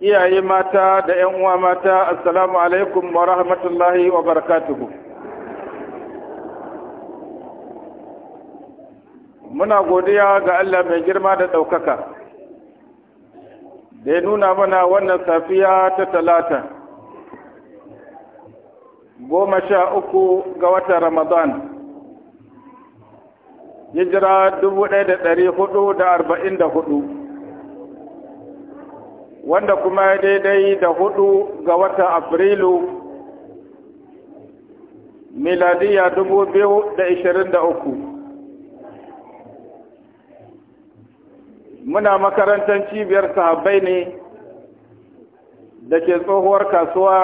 iyaye mata da 'yan uwa mata assalamu alaikum wa rahmatullahi wa barakatuhu muna godiya ga Allah mai girma da ɗaukaka da ya nuna mana wannan safiya ta talata goma sha uku ga watan ramadan hijira dubu ɗaya da ɗari hudu da arba'in da hudu wanda kuma ya daidai da hudu ga watan afrilu miladiya dubu biyu da ishirin da uku muna makarantar cibiyar sahabbai ne da ke tsohuwar kasuwa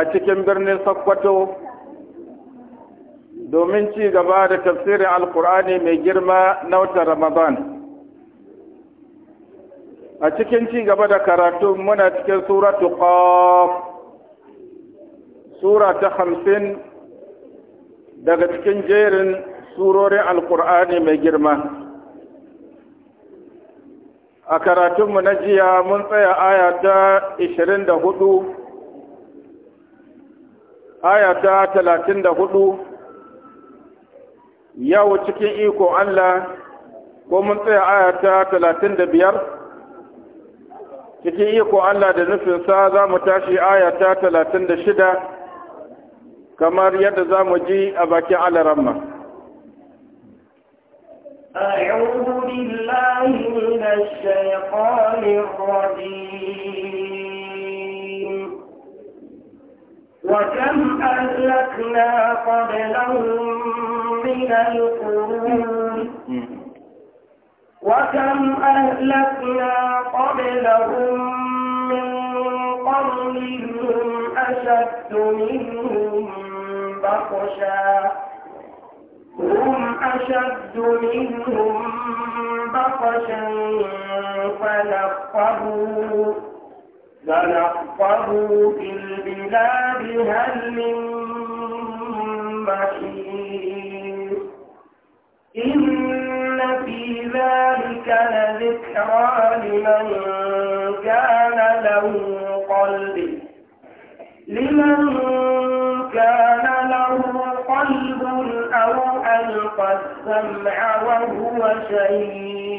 a cikin birnin sokoto domin ci gaba da tafsirin alkur'ani mai girma na wata ramadan a cikin ci gaba da karatu muna cikin suratu qaf sura ta hamsin daga cikin jerin surorin alkur'ani mai girma a karatunmu na jiya mun tsaya aya ta 24 aya ta 34 yawo cikin iko Allah ko mun tsaya aya ta 35 cikin iko Allah da nufinsa za mu tashi aya ta talatin da shida kamar yadda za mu ji a bakin alaramma. أعوذ بالله من الشيطان الرجيم وكم أهلكنا قبلهم من القرون وكم أهلكنا قبلهم من هم أشد منهم بطشا هم أشد منهم بطشا فنقبوا فنقبوا في البلاد هل من محيط ذكرى لمن كان له قلب لمن كان له قلب أو ألقى السمع وهو شهيد